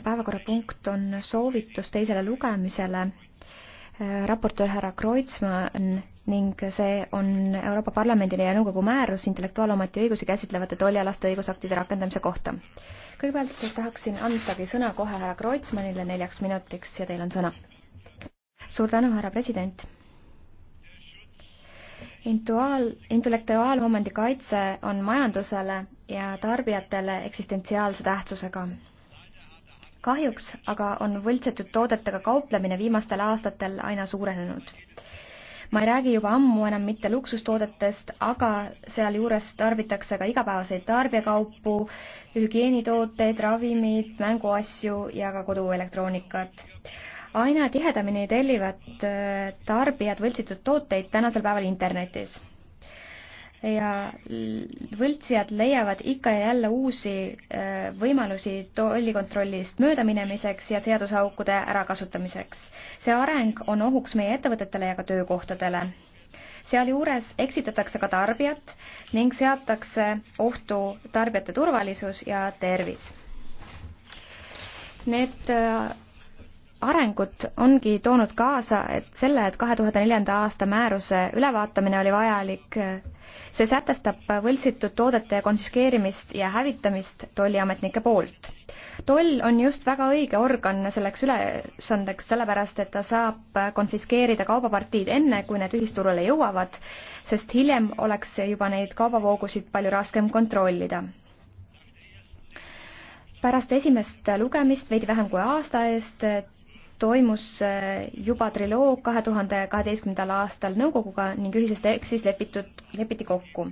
päevakorrapunkt on soovitus teisele lugemisele. raportöör härra Kreutzmann ning see on Euroopa Parlamendile ja Nõukogu määrus intellektuaalometi õigusi käsitlevate tollialaste õigusaktide rakendamise kohta. kõigepealt tahaksin andagi sõna kohe härra Kreutzmannile neljaks minutiks ja teil on sõna. suur tänu, härra president. Intuaal, intellektuaalomandi kaitse on majandusele ja tarbijatele eksistentsiaalse tähtsusega kahjuks aga on võltsitud toodetega kauplemine viimastel aastatel aina suurenenud. ma ei räägi juba ammu enam mitte luksustoodetest, aga sealjuures tarbitakse ka igapäevaseid tarbjakaupu, hügieenitooteid, ravimid, mänguasju ja ka koduelektroonikat aina tihedamini tellivad äh, tarbijad võltsitud tooteid tänasel päeval internetis ja võltsijad leiavad ikka ja jälle uusi äh, võimalusi tollikontrollist möödaminemiseks ja seaduseaukude ärakasutamiseks. see areng on ohuks meie ettevõtetele ja ka töökohtadele. sealjuures eksitatakse ka tarbijat ning seatakse ohtu tarbijate turvalisus ja tervis. Need äh, arengud ongi toonud kaasa, et selle, et kahe tuhande neljanda aasta määruse ülevaatamine oli vajalik. see sätestab võltsitud toodete konfiskeerimist ja hävitamist tolliametnike poolt. toll on just väga õige organ selleks ülesandeks, sellepärast et ta saab konfiskeerida kaubapartiid enne, kui need ühisturule jõuavad, sest hiljem oleks juba neid kaubavoogusid palju raskem kontrollida pärast esimest lugemist veidi vähem kui aasta eest toimus äh, juba triloog kahe tuhande kaheteistkümnendal aastal nõukoguga ning ühises tekstis lepitud, lepiti kokku.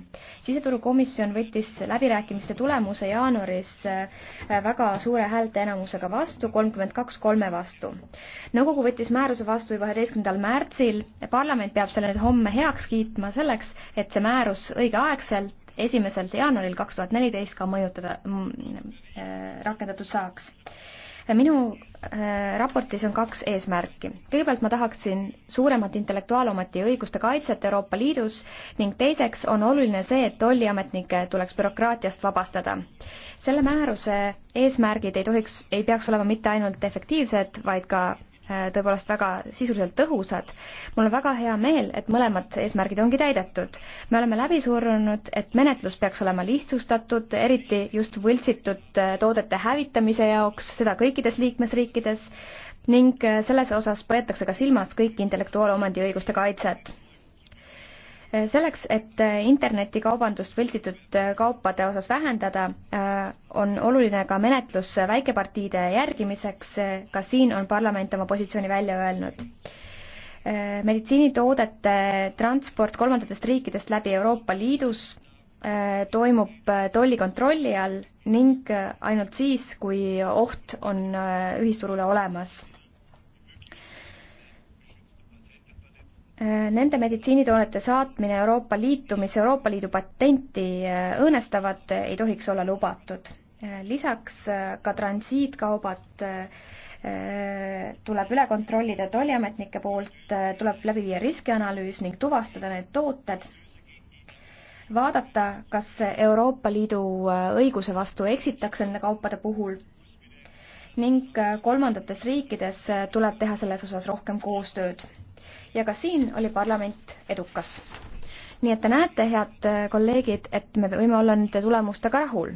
siseturukomisjon võttis läbirääkimiste tulemuse jaanuaris äh, väga suure häälteenamusega vastu, kolmkümmend kaks kolme vastu. nõukogu võttis määruse vastu juba üheteistkümnendal märtsil, parlament peab selle nüüd homme heaks kiitma selleks, et see määrus õigeaegselt esimesel jaanuaril kaks tuhat neliteist ka mõjutada, mm, äh, rakendatud saaks minu äh, raportis on kaks eesmärki. kõigepealt ma tahaksin suuremat intellektuaalomandi õiguste kaitset Euroopa Liidus ning teiseks on oluline see, et tolliametnikke tuleks bürokraatiast vabastada. selle määruse eesmärgid ei tohiks, ei peaks olema mitte ainult efektiivsed, vaid ka Äh, tõepoolest väga sisuliselt tõhusad. mul on väga hea meel, et mõlemad eesmärgid ongi täidetud. me oleme läbi surunud, et menetlus peaks olema lihtsustatud, eriti just võltsitud äh, toodete hävitamise jaoks, seda kõikides liikmesriikides ning äh, selles osas võetakse ka silmas kõiki intellektuaalomandiõiguste kaitset selleks, et internetikaubandust võltsitud kaupade osas vähendada, äh, on oluline ka menetlus väikepartiide järgimiseks, ka siin on parlament oma positsiooni välja öelnud. Äh, meditsiinitoodete transport kolmandatest riikidest läbi Euroopa Liidus äh, toimub tollikontrolli all ning ainult siis, kui oht on ühisturule olemas Nende meditsiinitoodete saatmine Euroopa Liitu, mis Euroopa Liidu patenti äh, õõnestavad, ei tohiks olla lubatud. Äh, lisaks äh, ka transiitkaubad tuleb üle kontrollida tolliametnike poolt, tuleb läbi viia riskianalüüs ning tuvastada need tooted, vaadata, kas Euroopa Liidu õiguse vastu eksitakse nende kaupade puhul ning kolmandates riikides tuleb teha selles osas rohkem koostööd ja ka siin oli parlament edukas. nii et te näete, head kolleegid, et me võime olla nende tulemustega rahul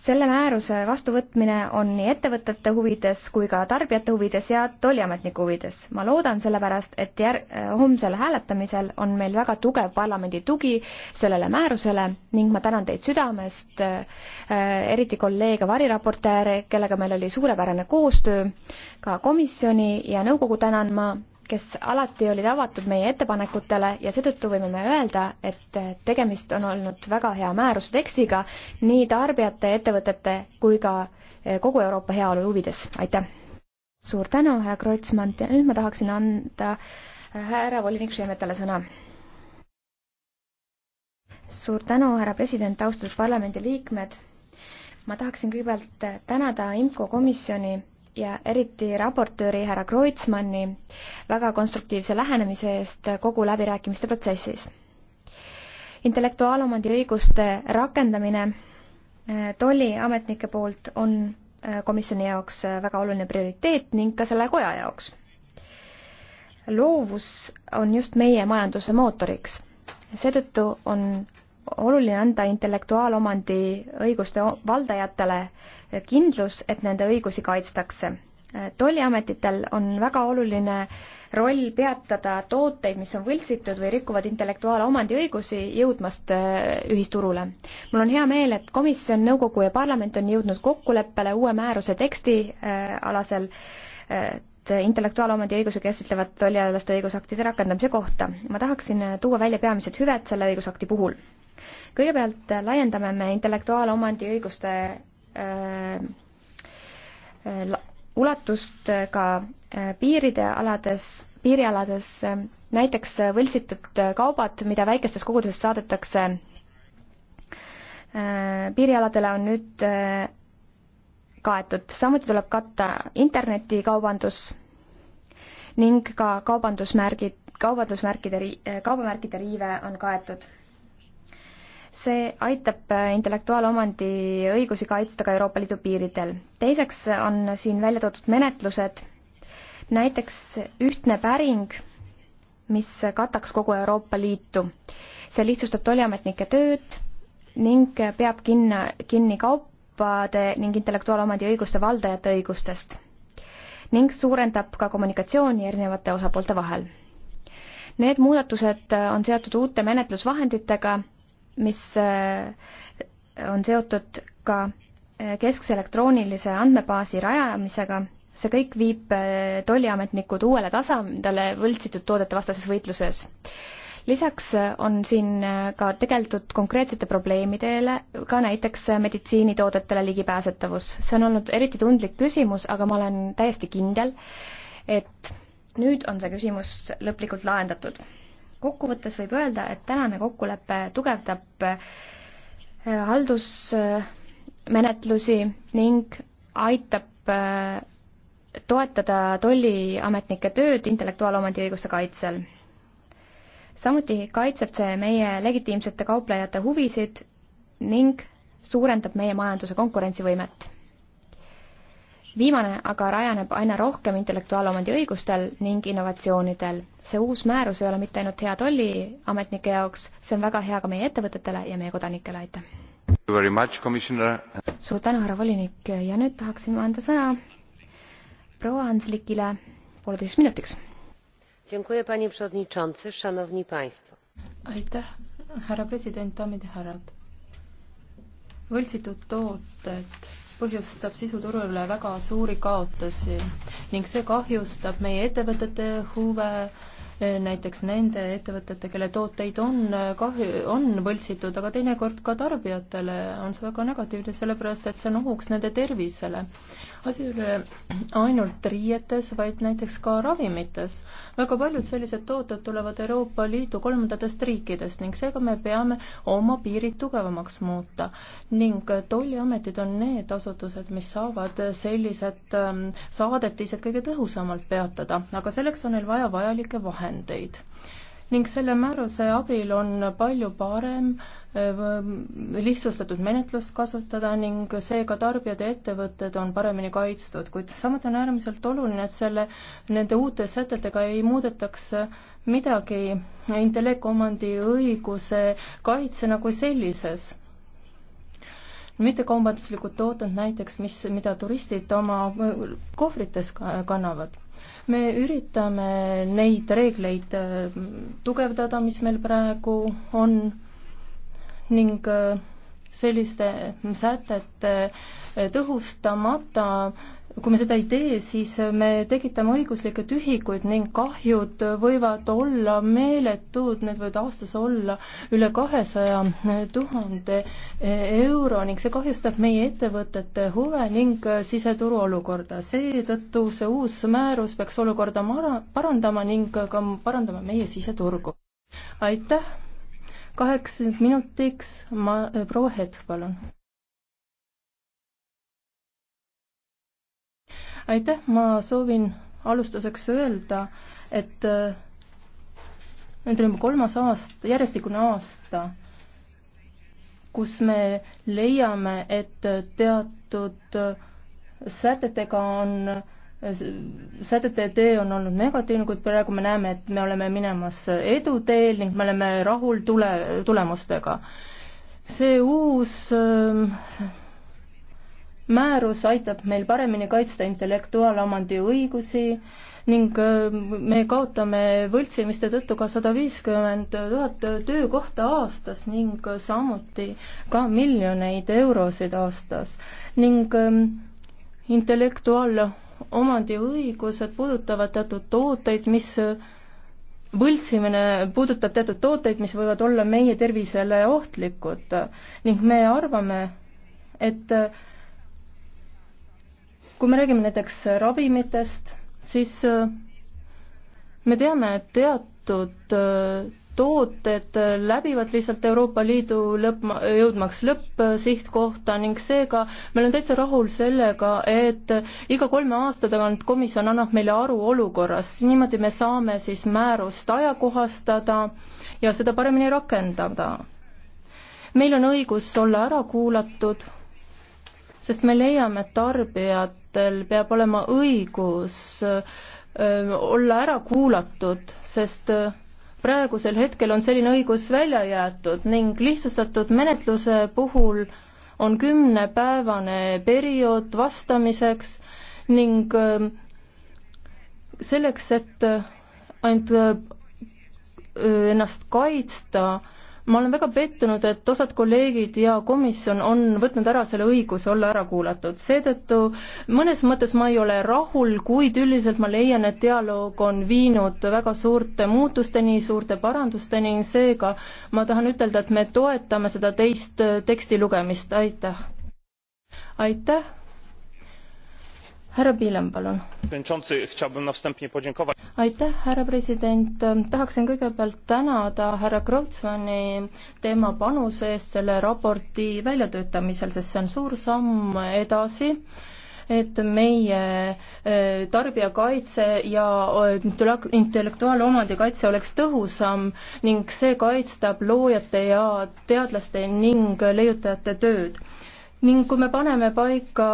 selle määruse vastuvõtmine on nii ettevõtete huvides kui ka tarbijate huvides ja tolliametniku huvides. ma loodan sellepärast, et jär-, homsel hääletamisel on meil väga tugev parlamendi tugi sellele määrusele ning ma tänan teid südamest äh,, eriti kolleege variraportööre, kellega meil oli suurepärane koostöö, ka komisjoni ja nõukogu tänan ma kes alati olid avatud meie ettepanekutele ja seetõttu võime me öelda, et tegemist on olnud väga hea määruse tekstiga nii tarbijate, ettevõtete kui ka eh, kogu Euroopa heaolu huvides, aitäh! suur tänu, härra Kreutzmann, nüüd ma tahaksin anda härra volinik Šemetale sõna. suur tänu, härra president, austatud parlamendiliikmed, ma tahaksin kõigepealt tänada IMCO komisjoni ja eriti raportööri härra Kreutzmanni väga konstruktiivse lähenemise eest kogu läbirääkimiste protsessis. intellektuaalomandi õiguste rakendamine äh, tolliametnike poolt on äh, komisjoni jaoks äh, väga oluline prioriteet ning ka selle koja jaoks. loovus on just meie majanduse mootoriks. seetõttu on oluline anda intellektuaalomandi õiguste valdajatele kindlus, et nende õigusi kaitstakse. tolliametitel on väga oluline roll peatada tooteid, mis on võltsitud või rikuvad intellektuaalomandi õigusi jõudmast äh, ühisturule. mul on hea meel, et komisjon, nõukogu ja parlament on jõudnud kokkuleppele uue määruse teksti äh, alasel äh, intellektuaalomandi õiguse käsitlevad tollialaste õigusaktide rakendamise kohta. ma tahaksin äh, tuua välja peamised hüved selle õigusakti puhul kõigepealt äh, laiendame me intellektuaalomandi õiguste äh, äh, ulatust ka piiride alades, piirialades, näiteks võltsitud kaubad, mida väikestes kogudustes saadetakse piirialadele, on nüüd kaetud, samuti tuleb katta internetikaubandus ning ka kaubandusmärgid, kaubandusmärkide, kaubamärkide riive on kaetud see aitab äh, intellektuaalomandi õigusi kaitsta ka Euroopa Liidu piiridel. teiseks on siin välja toodud menetlused, näiteks ühtne päring, mis kataks kogu Euroopa Liitu. see lihtsustab tolliametnike tööd ning peab kinna, kinni kaupade ning intellektuaalomandi õiguste valdajate õigustest ning suurendab ka kommunikatsiooni erinevate osapoolte vahel. Need muudatused on seotud uute menetlusvahenditega mis äh, on seotud ka äh, keskse elektroonilise andmebaasi rajamisega, see kõik viib äh, tolliametnikud uuele tasandile võltsitud toodete vastases võitluses. lisaks on siin ka tegeldud konkreetsete probleemidele, ka näiteks meditsiinitoodetele ligipääsetavus. see on olnud eriti tundlik küsimus, aga ma olen täiesti kindel, et nüüd on see küsimus lõplikult lahendatud kokkuvõttes võib öelda, et tänane kokkulepe tugevdab äh, haldusmenetlusi ning aitab äh, toetada tolliametnike tööd intellektuaalomandi õiguste kaitsel. samuti kaitseb see meie legitiimsete kauplejate huvisid ning suurendab meie majanduse konkurentsivõimet viimane aga rajaneb aina rohkem intellektuaalomandi õigustel ning innovatsioonidel. see uus määrus ei ole mitte ainult hea tolliametnike jaoks, see on väga hea ka meie ettevõtetele ja meie kodanikele, aitäh! suur tänu, härra volinik, ja nüüd tahaksin ma anda sõna proua Hanslikile pooleteiseks minutiks. aitäh, härra president, daamid ja härrad! võltsitud tooted põhjustab sisuturule väga suuri kaotusi ning see kahjustab meie ettevõtete huve, näiteks nende ettevõtete, kelle tooteid on äh, kahju, on võltsitud, aga teinekord ka tarbijatele on see väga negatiivne, sellepärast et see on ohuks nende tervisele. asi ei ole ainult riietes, vaid näiteks ka ravimites. väga paljud sellised tooted tulevad Euroopa Liidu kolmandatest riikidest ning seega me peame oma piirid tugevamaks muuta ning tolliametid on need asutused, mis saavad sellised ähm, saadetised kõige tõhusamalt peatada, aga selleks on neil vaja vajalikke vahendeid vahendeid ning selle määruse abil on palju parem äh, lihtsustatud menetlust kasutada ning seega tarbijad ja ettevõtted on paremini kaitstud, kuid samuti on äärmiselt oluline, et selle, nende uute sätetega ei muudetaks midagi intellektuomandi õiguse kaitsena kui sellises. mittekaubanduslikud tooted näiteks, mis, mida turistid oma äh, kohvrites kannavad me üritame neid reegleid äh, tugevdada, mis meil praegu on ning äh, selliste sätete tõhustamata, kui me seda ei tee, siis me tekitame õiguslikke tühikuid ning kahjud võivad olla meeletud, need võivad aastas olla üle kahesaja tuhande euro ning see kahjustab meie ettevõtete huve ning siseturu olukorda. seetõttu see uus määrus peaks olukorda mara-, parandama ning ka parandama meie siseturgu. aitäh! kaheksakümmend minutiks ma, äh, proua Hetk, palun. aitäh, ma soovin alustuseks öelda, et äh, nüüd on juba kolmas aasta, järjestikune aasta, kus me leiame, et teatud äh, sätetega on sätete tee on olnud negatiivne, kuid praegu me näeme, et me oleme minemas eduteel ning me oleme rahul tule, tulemustega. see uus ähm, määrus aitab meil paremini kaitsta intellektuaalomandi õigusi ning ähm, me kaotame võltsimiste tõttu ka sada viiskümmend tuhat töökohta aastas ning samuti ka miljoneid eurosid aastas ning ähm, intellektuaal- omandiõigused puudutavad teatud tooteid, mis võltsimine puudutab teatud tooteid, mis võivad olla meie tervisele ohtlikud ning me arvame, et kui me räägime näiteks ravimitest, siis me teame, et teatud tooted läbivad lihtsalt Euroopa Liidu lõpp, jõudmaks lõppsihtkohta ning seega me oleme täitsa rahul sellega, et iga kolme aasta tagant komisjon annab meile aru olukorrast, niimoodi me saame siis määrust ajakohastada ja seda paremini rakendada. meil on õigus olla ära kuulatud, sest me leiame, et tarbijatel peab olema õigus öö, olla ära kuulatud, sest öö, praegusel hetkel on selline õigus välja jäetud ning lihtsustatud menetluse puhul on kümnepäevane periood vastamiseks ning ähm, selleks, et äh, ainult äh, ennast kaitsta, ma olen väga pettunud, et osad kolleegid ja komisjon on võtnud ära selle õiguse olla ära kuulatud, seetõttu mõnes mõttes ma ei ole rahul, kuid üldiselt ma leian, et dialoog on viinud väga suurte muutusteni, suurte parandusteni, seega ma tahan ütelda, et me toetame seda teist teksti lugemist, aitäh! aitäh! härra Piilem, palun. aitäh, härra president, tahaksin kõigepealt tänada härra Kreutzmanni tema panuse eest selle raporti väljatöötamisel, sest see on suur samm edasi et meie äh, tarbijakaitse ja äh, intellektuaalomandi kaitse oleks tõhusam ning see kaitstab loojate ja teadlaste ning leiutajate tööd ning kui me paneme paika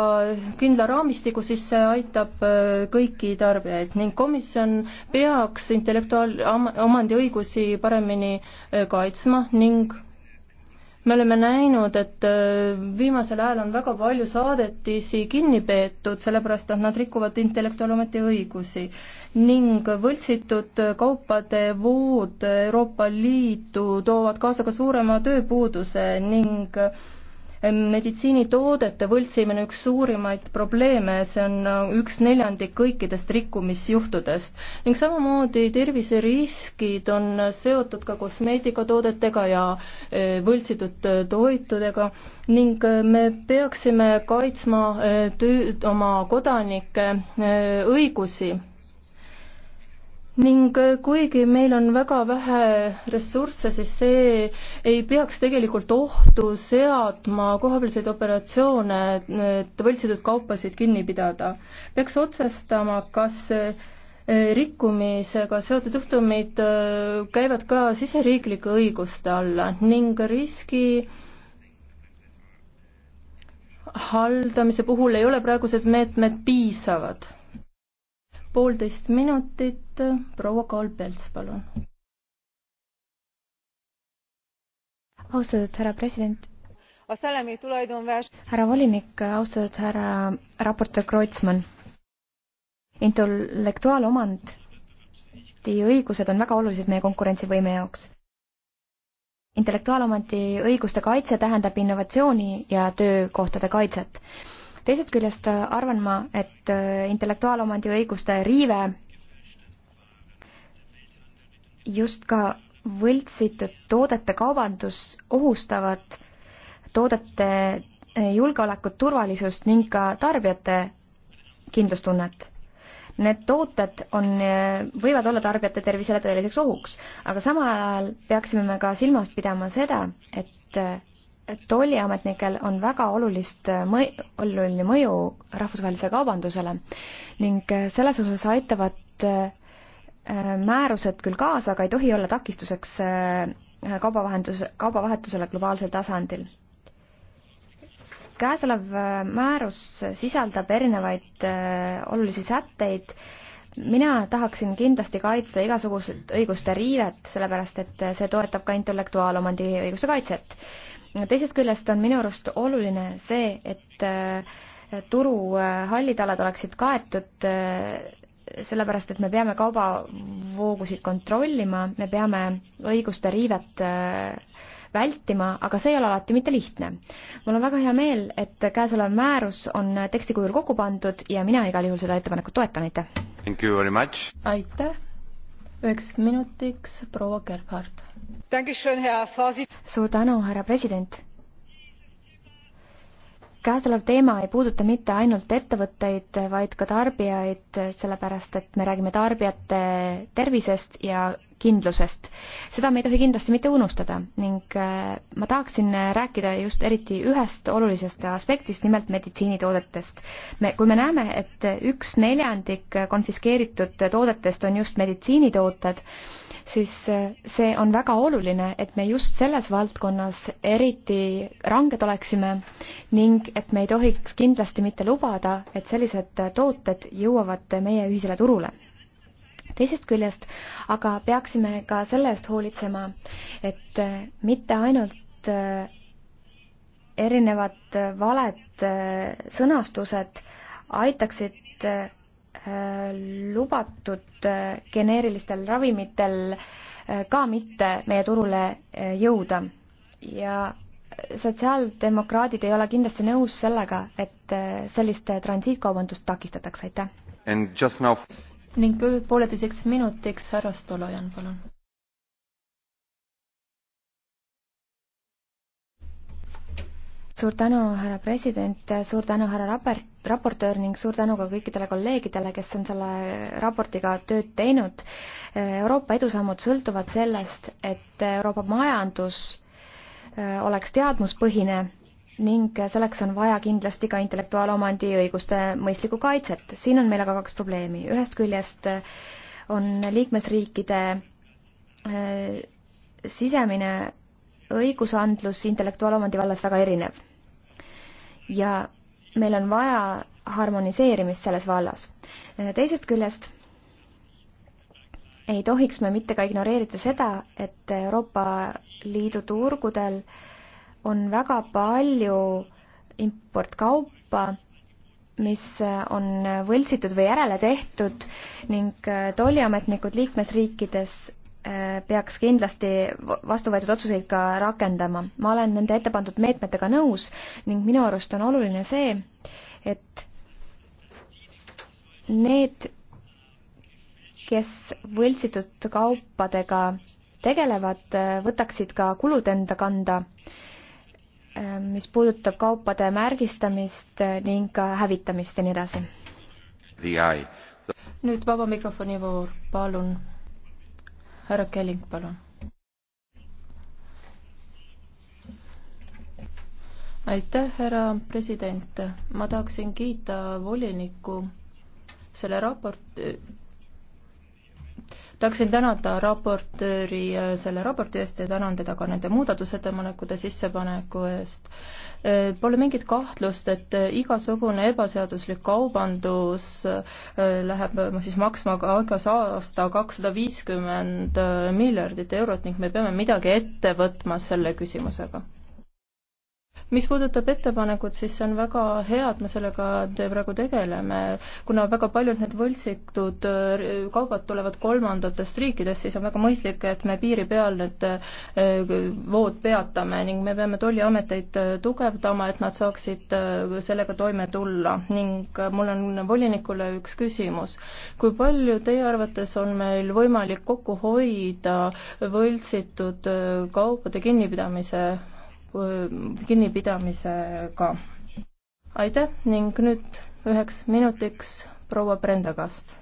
kindla raamistiku, siis see aitab äh, kõiki tarbijaid ning komisjon peaks intellektuaal-, omandiõigusi paremini äh, kaitsma ning me oleme näinud, et äh, viimasel ajal on väga palju saadetisi kinni peetud, sellepärast et nad rikuvad intellektuaalometi õigusi. ning võltsitud kaupade vood Euroopa Liitu toovad kaasa ka suurema tööpuuduse ning äh, meditsiinitoodete võltsimine üks suurimaid probleeme, see on äh, üks neljandik kõikidest rikkumisjuhtudest. ning samamoodi terviseriskid on seotud ka kosmeetikatoodetega ja äh, võltsitud äh, toitudega ning me peaksime kaitsma töö, oma kodanike õigusi ning äh, kuigi meil on väga vähe ressursse, siis see ei peaks tegelikult ohtu seadma kohapealseid operatsioone, et võltsitud kaupasid kinni pidada. peaks otsestama, kas äh, rikkumisega seotud juhtumid äh, käivad ka siseriiklike õiguste alla ning riski haldamise puhul ei ole praegused meetmed piisavad poolteist minutit, proua Kalpelts, palun. austatud härra president. härra volinik, austatud härra raportöör Kreutzmann. intellektuaalomandi õigused on väga olulised meie konkurentsivõime jaoks. intellektuaalomandi õiguste kaitse tähendab innovatsiooni ja töökohtade kaitset teisest küljest äh, arvan ma, et äh, intellektuaalomandi õiguste riive just ka võltsitud toodete kaubandus ohustavad toodete äh, julgeolekut, turvalisust ning ka tarbijate kindlustunnet. Need tooted on, võivad olla tarbijate tervisele tõeliseks ohuks, aga samal ajal peaksime me ka silmas pidama seda, et tolliametnikel on väga olulist mõju, oluline mõju rahvusvahelisele kaubandusele ning äh, selles osas aitavad äh, määrused küll kaasa, aga ei tohi olla takistuseks äh, kaubavahendus, kaubavahetusele globaalsel tasandil. käesolev määrus sisaldab erinevaid olulisi sätteid, mina tahaksin kindlasti kaitsta igasugust õiguste riivet, sellepärast et see toetab ka intellektuaalomandi õiguste kaitset teisest küljest on minu arust oluline see, et äh, turu äh, hallid alad oleksid kaetud, äh, sellepärast et me peame kaubavoogusid kontrollima, me peame õiguste riivet vältima, aga see ei ole alati mitte lihtne. mul on väga hea meel, et käesolev määrus on teksti kujul kokku pandud ja mina igal juhul seda ettepanekut toetan, aitäh! aitäh! üheks minutiks proua Gerhardt suur tänu, härra president. käesolev teema ei puuduta mitte ainult ettevõtteid, vaid ka tarbijaid, sellepärast et me räägime tarbijate tervisest ja kindlusest. seda me ei tohi kindlasti mitte unustada ning äh, ma tahaksin rääkida just eriti ühest olulisest aspektist, nimelt meditsiinitoodetest. me, kui me näeme, et üks neljandik konfiskeeritud toodetest on just meditsiinitooted, siis eh, see on väga oluline, et me just selles valdkonnas eriti ranged oleksime ning et me ei tohiks kindlasti mitte lubada, et sellised tooted jõuavad meie ühisele turule. teisest küljest aga peaksime ka selle eest hoolitsema, et eh, mitte ainult eh, erinevad valed sõnastused aitaksid lubatud äh, geneerilistel ravimitel äh, ka mitte meie turule äh, jõuda. ja sotsiaaldemokraadid ei ole kindlasti nõus sellega, et sellist transiitkaubandust takistatakse, aitäh. ning pooleteiseks minutiks härra Stolojan, palun. suur tänu, härra president, suur tänu, härra rapert, raportöör ning suur tänu ka kõikidele kolleegidele, kes on selle raportiga tööd teinud. Euroopa edusammud sõltuvad sellest, et Euroopa majandus äh, oleks teadmuspõhine ning selleks on vaja kindlasti ka intellektuaalomandi õiguste mõistlikku kaitset. siin on meil aga kaks probleemi. ühest küljest äh, on liikmesriikide äh, sisemine õigusandlus intellektuaalomandi vallas väga erinev. ja meil on vaja harmoniseerimist selles vallas. Äh, teisest küljest ei tohiks me mitte ka ignoreerida seda, et Euroopa Liidu turgudel on väga palju importkaupa, mis on võltsitud või järele tehtud ning äh, tolliametnikud liikmesriikides Äh, peaks kindlasti vastu võetud otsuseid ka rakendama. ma olen nende ette pandud meetmetega nõus ning minu arust on oluline see, et need, kes võltsitud kaupadega tegelevad, äh, võtaksid ka kulud enda kanda, äh, mis puudutab kaupade märgistamist ning ka hävitamist ja nii edasi. nüüd vaba mikrofoni voor, palun härra Kelling, palun. aitäh, härra president. ma tahaksin kiita volinikku selle raport, tahaksin tänada raportööri äh, selle raporti eest ja tänan teda ka nende muudatusettepanekute sissepaneku eest. Äh, pole mingit kahtlust, et äh, igasugune ebaseaduslik kaubandus läheb siis maksma ka igas aasta kakssada viiskümmend miljardit eurot ning me peame midagi ette võtma selle küsimusega mis puudutab ettepanekut, siis see on väga hea, et me sellega praegu tegeleme, kuna väga paljud need võltsitud äh, kaubad tulevad kolmandatest riikidest, siis on väga mõistlik, et me piiri peal need äh, vood peatame ning me peame tolliameteid äh, tugevdama, et nad saaksid sellega toime tulla ning mul on volinikule üks küsimus. kui palju teie arvates on meil võimalik kokku hoida võltsitud kaupade kinnipidamise Äh, kinnipidamisega. aitäh ning nüüd üheks minutiks proua Brenda Kast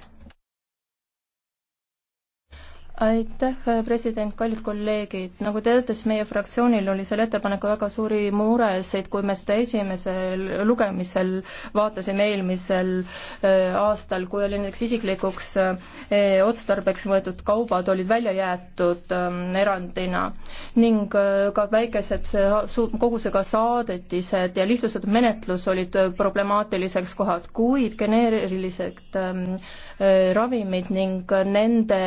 aitäh, äh, president, kallid kolleegid, nagu teate, siis meie fraktsioonil oli selle ettepaneku väga suuri muresid, kui me seda esimesel lugemisel vaatasime eelmisel äh, aastal, kui oli näiteks isiklikuks äh, otstarbeks võetud kaubad olid välja jäetud ähm, erandina ning ka väikesed kogusega saadetised ja lihtsustatud menetlus olid problemaatiliseks kohad, kuid geneerilised ähm, ravimid ning nende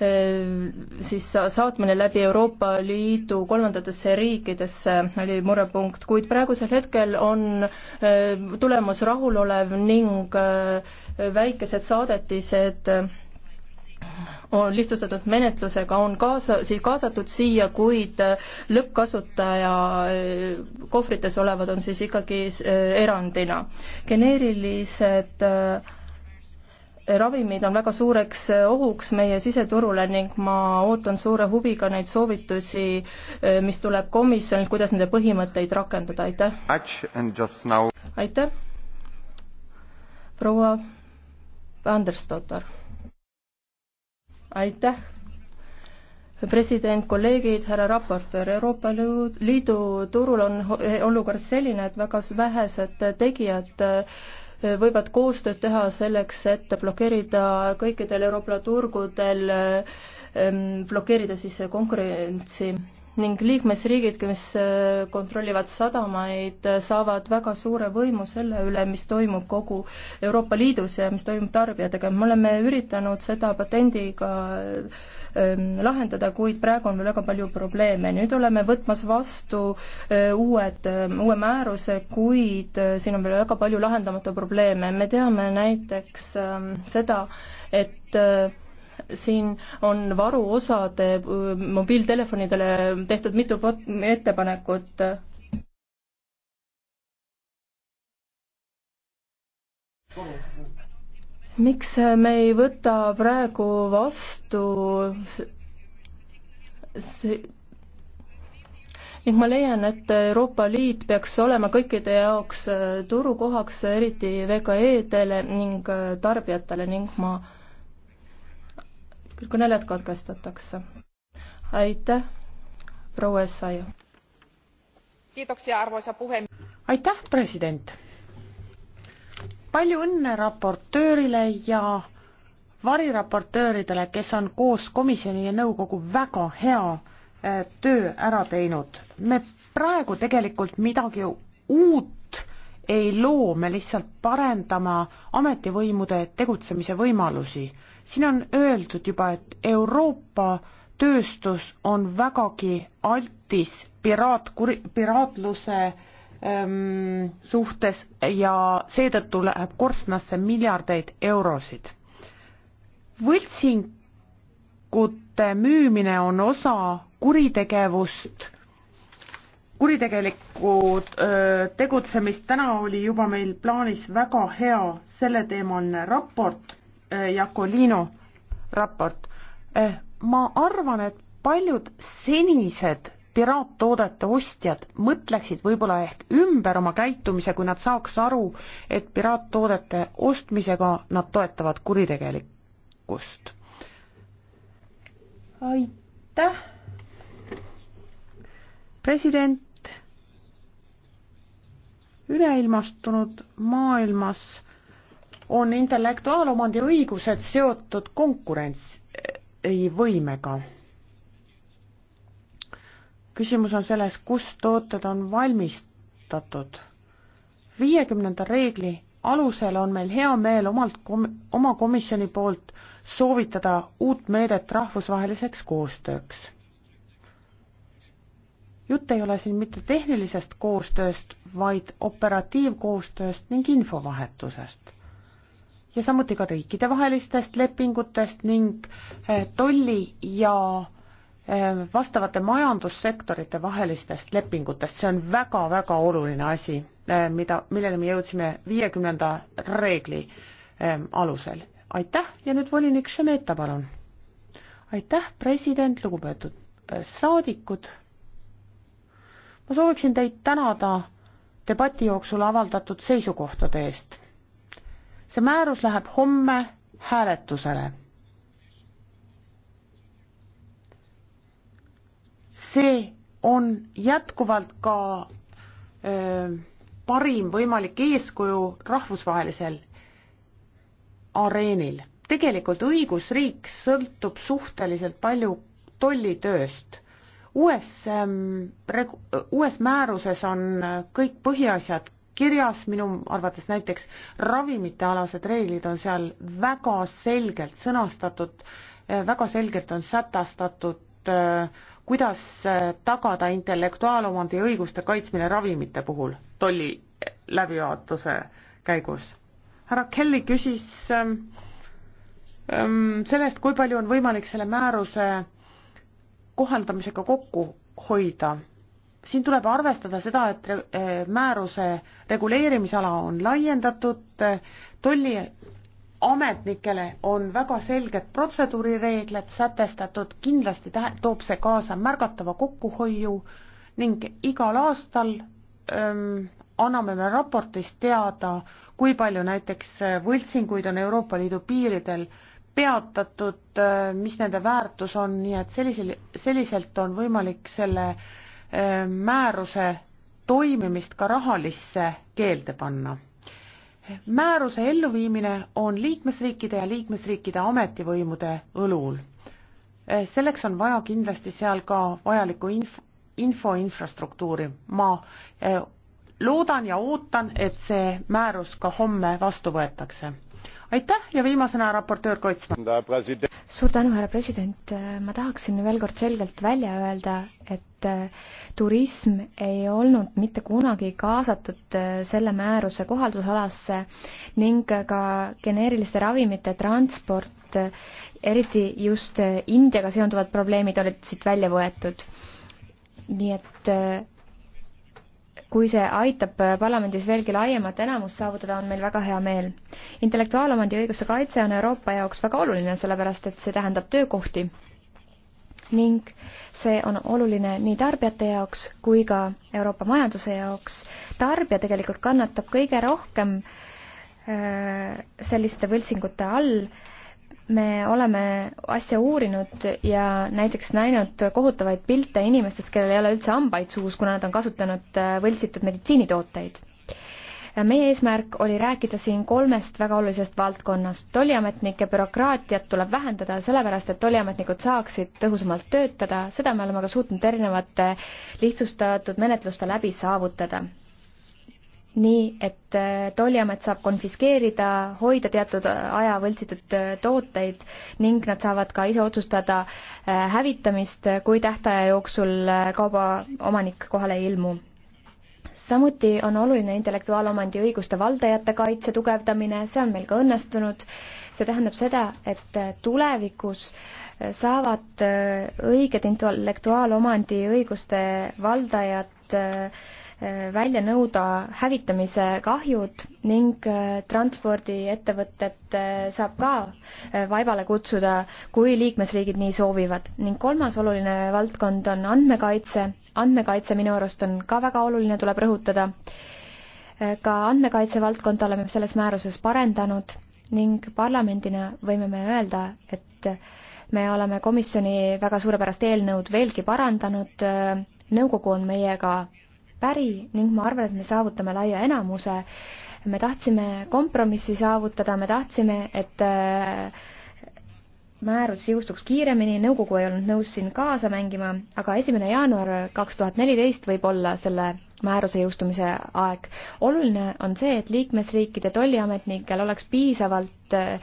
Ehm, siis saatmine läbi Euroopa Liidu kolmandatesse riikidesse oli murepunkt, kuid praegusel hetkel on ehm, tulemus rahulolev ning ehm, väikesed saadetised on lihtsustatud menetlusega, on kaasa, siis kaasatud siia, kuid lõppkasutaja kohvrites olevad on siis ikkagi erandina. geneerilised äh, ravimid on väga suureks äh, ohuks meie siseturule ning ma ootan suure huviga neid soovitusi, äh, mis tuleb komisjonilt, kuidas nende põhimõtteid rakendada, aitäh! aitäh! proua Andersdotter. aitäh! president, kolleegid, härra raportöör, Euroopa Liidu turul on olukord selline, et väga vähesed tegijad võivad koostööd teha selleks, et blokeerida kõikidel Euroopa turgudel, ehm, blokeerida siis konkurentsi ning liikmesriigid, kes äh, kontrollivad sadamaid, äh, saavad väga suure võimu selle üle, mis toimub kogu Euroopa Liidus ja mis toimub tarbijatega. me oleme üritanud seda patendiga ähm, lahendada, kuid praegu on veel väga palju probleeme. nüüd oleme võtmas vastu äh, uued, uue määruse, kuid siin on veel väga palju lahendamata probleeme. me teame näiteks ähm, seda, et siin on varuosade äh, mobiiltelefonidele tehtud mitu ettepanekut. miks me ei võta praegu vastu see ning ma leian, et Euroopa Liit peaks olema kõikide jaoks äh, turukohaks, eriti VKE-dele ning äh, tarbijatele ning ma kõnelejad katkestatakse. aitäh, proua Essaia. aitäh, president. palju õnne raportöörile ja variraportööridele, kes on koos komisjoni ja nõukogu väga hea eh, töö ära teinud. me praegu tegelikult midagi uut ei loo, me lihtsalt parendame ametivõimude tegutsemise võimalusi siin on öeldud juba, et Euroopa tööstus on vägagi altis piraat, piraatluse ähm, suhtes ja seetõttu läheb korstnasse miljardeid eurosid. võltsingute müümine on osa kuritegevust, kuritegelikku tegutsemist, täna oli juba meil plaanis väga hea selleteemaline raport Äh, Jakolino raport. Äh, ma arvan, et paljud senised piraattoodete ostjad mõtleksid võib-olla ehk ümber oma käitumise, kui nad saaks aru, et piraattoodete ostmisega nad toetavad kuritegelikkust. aitäh, president. üleilmastunud maailmas on intellektuaalomandi õigused seotud konkurentsivõimega. küsimus on selles, kus tooted on valmistatud. viiekümnenda reegli alusel on meil hea meel omalt kom-, oma komisjoni poolt soovitada uut meedet rahvusvaheliseks koostööks. jutt ei ole siin mitte tehnilisest koostööst, vaid operatiivkoostööst ning infovahetusest ja samuti ka riikidevahelistest lepingutest ning eh, tolli ja eh, vastavate majandussektorite vahelistest lepingutest, see on väga-väga oluline asi, eh, mida, millele me jõudsime viiekümnenda reegli alusel. aitäh ja nüüd volinik Šemeta, palun. aitäh, president, lugupeetud saadikud. ma sooviksin teid tänada debati jooksul avaldatud seisukohtade eest see määrus läheb homme hääletusele. see on jätkuvalt ka öö, parim võimalik eeskuju rahvusvahelisel areenil. tegelikult õigusriik sõltub suhteliselt palju tollitööst. uues ähm,, uues määruses on kõik põhiasjad kirjas, minu arvates näiteks ravimitealased reeglid on seal väga selgelt sõnastatud, eh, väga selgelt on sätestatud, eh, kuidas eh, tagada intellektuaalomandi õiguste kaitsmine ravimite puhul tolli läbivaatuse käigus. härra Kelly küsis ehm, ehm, sellest, kui palju on võimalik selle määruse kohaldamisega kokku hoida siin tuleb arvestada seda, et eh, määruse reguleerimisala on laiendatud, tolliametnikele on väga selged protseduurireeglid sätestatud, kindlasti tähe-, toob see kaasa märgatava kokkuhoiu ning igal aastal öö, ehm, anname me raportis teada, kui palju näiteks võltsinguid on Euroopa Liidu piiridel peatatud, eh, mis nende väärtus on, nii et sellisel, selliselt on võimalik selle äh, Äh, määruse toimimist ka rahalisse keelde panna. määruse elluviimine on liikmesriikide ja liikmesriikide ametivõimude õlul. Äh, selleks on vaja kindlasti seal ka vajalikku info, infoinfrastruktuuri. ma äh, loodan ja ootan, et see määrus ka homme vastu võetakse aitäh ja viimasena raportöör Koitsma. suur tänu, härra president, ma tahaksin veel kord selgelt välja öelda, et äh, turism ei olnud mitte kunagi kaasatud äh, selle määruse kohaldusalasse ning ka geneeriliste ravimite transport, äh, eriti just Indiaga seonduvad probleemid olid siit välja võetud. nii et kui see aitab parlamendis veelgi laiemat enamust saavutada, on meil väga hea meel. intellektuaalomandi õiguste kaitse on Euroopa jaoks väga oluline, sellepärast et see tähendab töökohti ning see on oluline nii tarbijate jaoks kui ka Euroopa majanduse jaoks. tarbija tegelikult kannatab kõige rohkem äh, selliste võltsingute all me oleme asja uurinud ja näiteks näinud kohutavaid pilte inimestest, kellel ei ole üldse hambaid suus, kuna nad on kasutanud äh, võltsitud meditsiinitooteid. meie eesmärk oli rääkida siin kolmest väga olulisest valdkonnast. tolliametnike bürokraatiat tuleb vähendada, sellepärast et tolliametnikud saaksid tõhusamalt töötada, seda me oleme ka suutnud erinevate lihtsustatud menetluste läbi saavutada nii et äh, tolliamet saab konfiskeerida, hoida teatud äh, aja võltsitud äh, tooteid ning nad saavad ka ise otsustada hävitamist, kui tähtaja jooksul kaubaomanik kohale ei ilmu. samuti on oluline intellektuaalomandi õiguste valdajate kaitse tugevdamine, see on meil ka õnnestunud. see tähendab seda, et tulevikus saavad õiged intellektuaalomandi õiguste valdajad Äh, välja nõuda hävitamise kahjud ning äh, transpordiettevõtet äh, saab ka vaibale kutsuda, kui liikmesriigid nii soovivad. ning kolmas oluline valdkond on andmekaitse. andmekaitse minu arust on ka väga oluline, tuleb rõhutada. ka andmekaitse valdkonda oleme selles määruses parendanud ning parlamendina võime me öelda, et me oleme komisjoni väga suurepärast eelnõud veelgi parandanud, nõukogu on meiega päri ning ma arvan, et me saavutame laia enamuse. me tahtsime kompromissi saavutada, me tahtsime, et äh, määrus jõustuks kiiremini, nõukogu ei olnud nõus siin kaasa mängima, aga esimene jaanuar kaks tuhat neliteist võib olla selle määruse jõustumise aeg. oluline on see, et liikmesriikide tolliametnikel oleks piisavalt äh,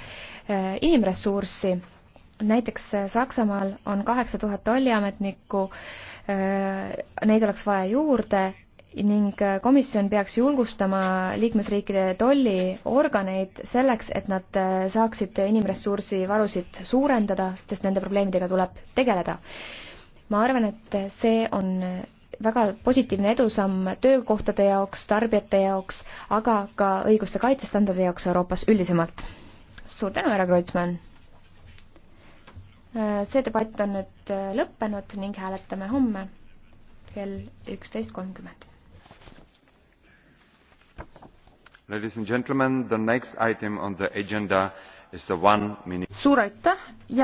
inimressurssi. näiteks äh, Saksamaal on kaheksa tuhat tolliametnikku, neid oleks vaja juurde ning äh, komisjon peaks julgustama liikmesriikide tolliorganeid selleks, et nad äh, saaksid inimressursi varusid suurendada, sest nende probleemidega tuleb tegeleda. ma arvan, et see on väga positiivne edusamm töökohtade jaoks, tarbijate jaoks, aga ka õiguste kaitsestandardi jaoks Euroopas üldisemalt. suur tänu, härra Kreutzmann! Äh, see debatt on nüüd lõppenud ning hääletame homme kell üksteist kolmkümmend. Ladies and gentlemen, the next item on the agenda is the one minute. suur aitäh ja